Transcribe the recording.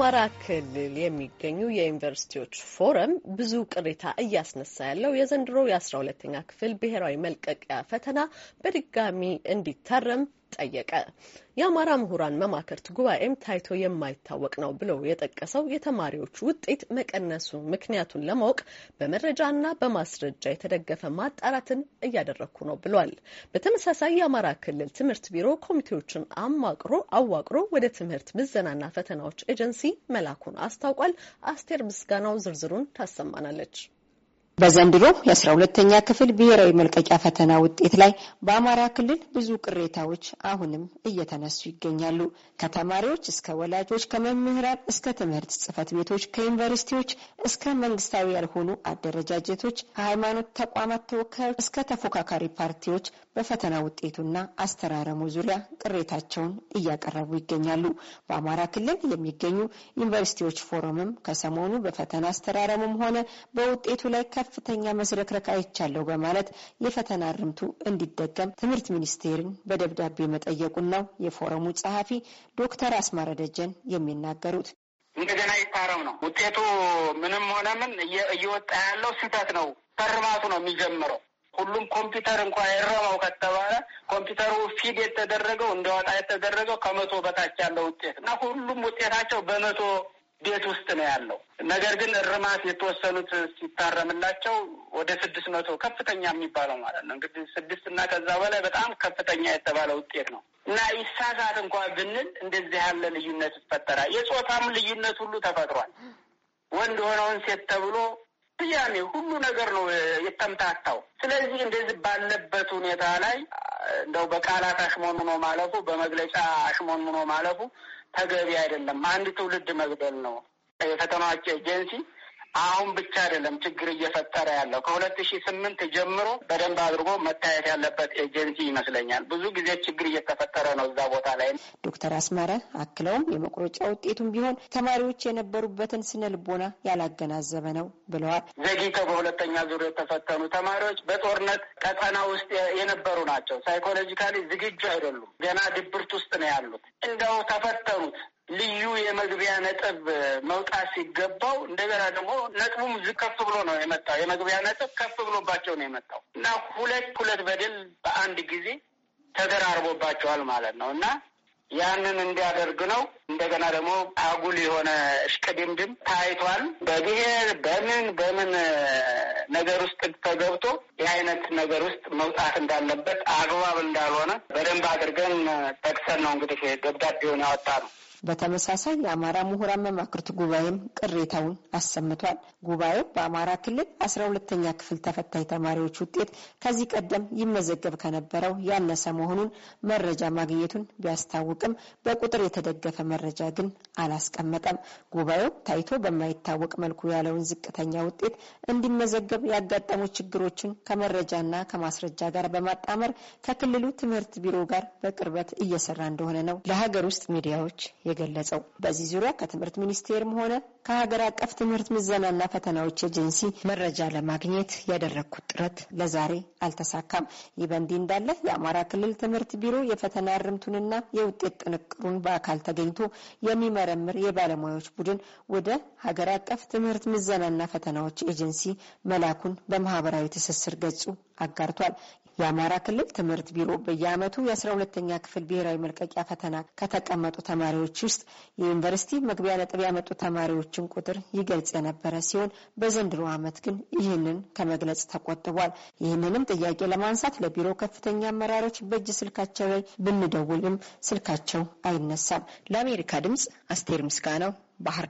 በአማራ ክልል የሚገኙ የዩኒቨርሲቲዎች ፎረም ብዙ ቅሬታ እያስነሳ ያለው የዘንድሮ የአስራ ሁለተኛ ክፍል ብሔራዊ መልቀቂያ ፈተና በድጋሚ እንዲታረም ጠየቀ። የአማራ ምሁራን መማክርት ጉባኤም ታይቶ የማይታወቅ ነው ብለው የጠቀሰው የተማሪዎች ውጤት መቀነሱ ምክንያቱን ለማወቅ በመረጃና በማስረጃ የተደገፈ ማጣራትን እያደረግኩ ነው ብሏል። በተመሳሳይ የአማራ ክልል ትምህርት ቢሮ ኮሚቴዎችን አማቅሮ አዋቅሮ ወደ ትምህርት ምዘናና ፈተናዎች ኤጀንሲ መላኩን አስታውቋል። አስቴር ምስጋናው ዝርዝሩን ታሰማናለች። በዘንድሮ የአስራ ሁለተኛ ክፍል ብሔራዊ መልቀቂያ ፈተና ውጤት ላይ በአማራ ክልል ብዙ ቅሬታዎች አሁንም እየተነሱ ይገኛሉ። ከተማሪዎች እስከ ወላጆች፣ ከመምህራን እስከ ትምህርት ጽህፈት ቤቶች፣ ከዩኒቨርሲቲዎች እስከ መንግስታዊ ያልሆኑ አደረጃጀቶች፣ ከሃይማኖት ተቋማት ተወካዮች እስከ ተፎካካሪ ፓርቲዎች በፈተና ውጤቱና አስተራረሙ ዙሪያ ቅሬታቸውን እያቀረቡ ይገኛሉ። በአማራ ክልል የሚገኙ ዩኒቨርሲቲዎች ፎረምም ከሰሞኑ በፈተና አስተራረሙም ሆነ በውጤቱ ላይ ከፍ ከፍተኛ መስረክረክ አይቻለሁ በማለት የፈተና እርምቱ እንዲደገም ትምህርት ሚኒስቴርን በደብዳቤ መጠየቁን ነው የፎረሙ ጸሐፊ ዶክተር አስማረ ደጀን የሚናገሩት። እንደገና ይታረም ነው ውጤቱ። ምንም ሆነ ምን እየወጣ ያለው ስህተት ነው። ተርማቱ ነው የሚጀምረው። ሁሉም ኮምፒውተር እንኳ ይረመው ከተባለ ኮምፒውተሩ ፊድ የተደረገው እንደወጣ የተደረገው ከመቶ በታች ያለው ውጤት እና ሁሉም ውጤታቸው በመቶ ቤት ውስጥ ነው ያለው። ነገር ግን እርማት የተወሰኑት ሲታረምላቸው ወደ ስድስት መቶ ከፍተኛ የሚባለው ማለት ነው እንግዲህ ስድስት እና ከዛ በላይ በጣም ከፍተኛ የተባለ ውጤት ነው እና ይሳሳት እንኳ ብንል እንደዚህ ያለ ልዩነት ይፈጠራል። የጾታም ልዩነት ሁሉ ተፈጥሯል። ወንድ ሆነውን ሴት ተብሎ ስያሜ ሁሉ ነገር ነው የተምታታው። ስለዚህ እንደዚህ ባለበት ሁኔታ ላይ እንደው በቃላት አሽሞንሙኖ ማለፉ፣ በመግለጫ አሽሞንሙኖ ማለፉ ተገቢ አይደለም። አንድ ትውልድ መግደል ነው። የፈተናዎች ኤጀንሲ አሁን ብቻ አይደለም ችግር እየፈጠረ ያለው ከሁለት ሺ ስምንት ጀምሮ በደንብ አድርጎ መታየት ያለበት ኤጀንሲ ይመስለኛል። ብዙ ጊዜ ችግር እየተፈጠረ ነው እዛ ቦታ ላይ። ዶክተር አስማረ አክለውም የመቁረጫ ውጤቱም ቢሆን ተማሪዎች የነበሩበትን ስነ ልቦና ያላገናዘበ ነው ብለዋል። ዘግይተው በሁለተኛ ዙር የተፈተኑ ተማሪዎች በጦርነት ቀጠና ውስጥ የነበሩ ናቸው። ሳይኮሎጂካሊ ዝግጁ አይደሉም። ገና ድብርት ውስጥ ነው ያሉት። እንደው ተፈተኑት ልዩ የመግቢያ ነጥብ መውጣት ሲገባው እንደገና ደግሞ ነጥቡም ከፍ ብሎ ነው የመጣው። የመግቢያ ነጥብ ከፍ ብሎባቸው ነው የመጣው እና ሁለት ሁለት በድል በአንድ ጊዜ ተደራርቦባቸዋል ማለት ነው እና ያንን እንዲያደርግ ነው። እንደገና ደግሞ አጉል የሆነ እሽቅድምድም ታይቷል። በብሔር በምን በምን ነገር ውስጥ ተገብቶ የአይነት ነገር ውስጥ መውጣት እንዳለበት አግባብ እንዳልሆነ በደንብ አድርገን ጠቅሰን ነው እንግዲህ ደብዳቤውን ያወጣ ነው። በተመሳሳይ የአማራ ምሁራን መማክርት ጉባኤም ቅሬታውን አሰምቷል። ጉባኤው በአማራ ክልል አስራ ሁለተኛ ክፍል ተፈታኝ ተማሪዎች ውጤት ከዚህ ቀደም ይመዘገብ ከነበረው ያነሰ መሆኑን መረጃ ማግኘቱን ቢያስታውቅም በቁጥር የተደገፈ መረጃ ግን አላስቀመጠም። ጉባኤው ታይቶ በማይታወቅ መልኩ ያለውን ዝቅተኛ ውጤት እንዲመዘገብ ያጋጠሙ ችግሮችን ከመረጃና ከማስረጃ ጋር በማጣመር ከክልሉ ትምህርት ቢሮ ጋር በቅርበት እየሰራ እንደሆነ ነው ለሀገር ውስጥ ሚዲያዎች የገለጸው። በዚህ ዙሪያ ከትምህርት ሚኒስቴርም ሆነ ከሀገር አቀፍ ትምህርት ምዘናና ፈተናዎች ኤጀንሲ መረጃ ለማግኘት ያደረግኩት ጥረት ለዛሬ አልተሳካም። ይህ በእንዲህ እንዳለ የአማራ ክልል ትምህርት ቢሮ የፈተና እርምቱንና የውጤት ጥንቅሩን በአካል ተገኝቶ የሚመረምር የባለሙያዎች ቡድን ወደ ሀገር አቀፍ ትምህርት ምዘናና ፈተናዎች ኤጀንሲ መላኩን በማህበራዊ ትስስር ገጹ አጋርቷል። የአማራ ክልል ትምህርት ቢሮ በየዓመቱ የአስራ ሁለተኛ ክፍል ብሔራዊ መልቀቂያ ፈተና ከተቀመጡ ተማሪዎች ውስጥ የዩኒቨርሲቲ መግቢያ ነጥብ ያመጡ ተማሪዎችን ቁጥር ይገልጽ የነበረ ሲሆን በዘንድሮ ዓመት ግን ይህንን ከመግለጽ ተቆጥቧል። ይህንንም ጥያቄ ለማንሳት ለቢሮ ከፍተኛ አመራሮች በእጅ ስልካቸው ላይ ብንደውልም ስልካቸው አይነሳም። ለአሜሪካ ድምጽ አስቴር ምስጋናው ባህር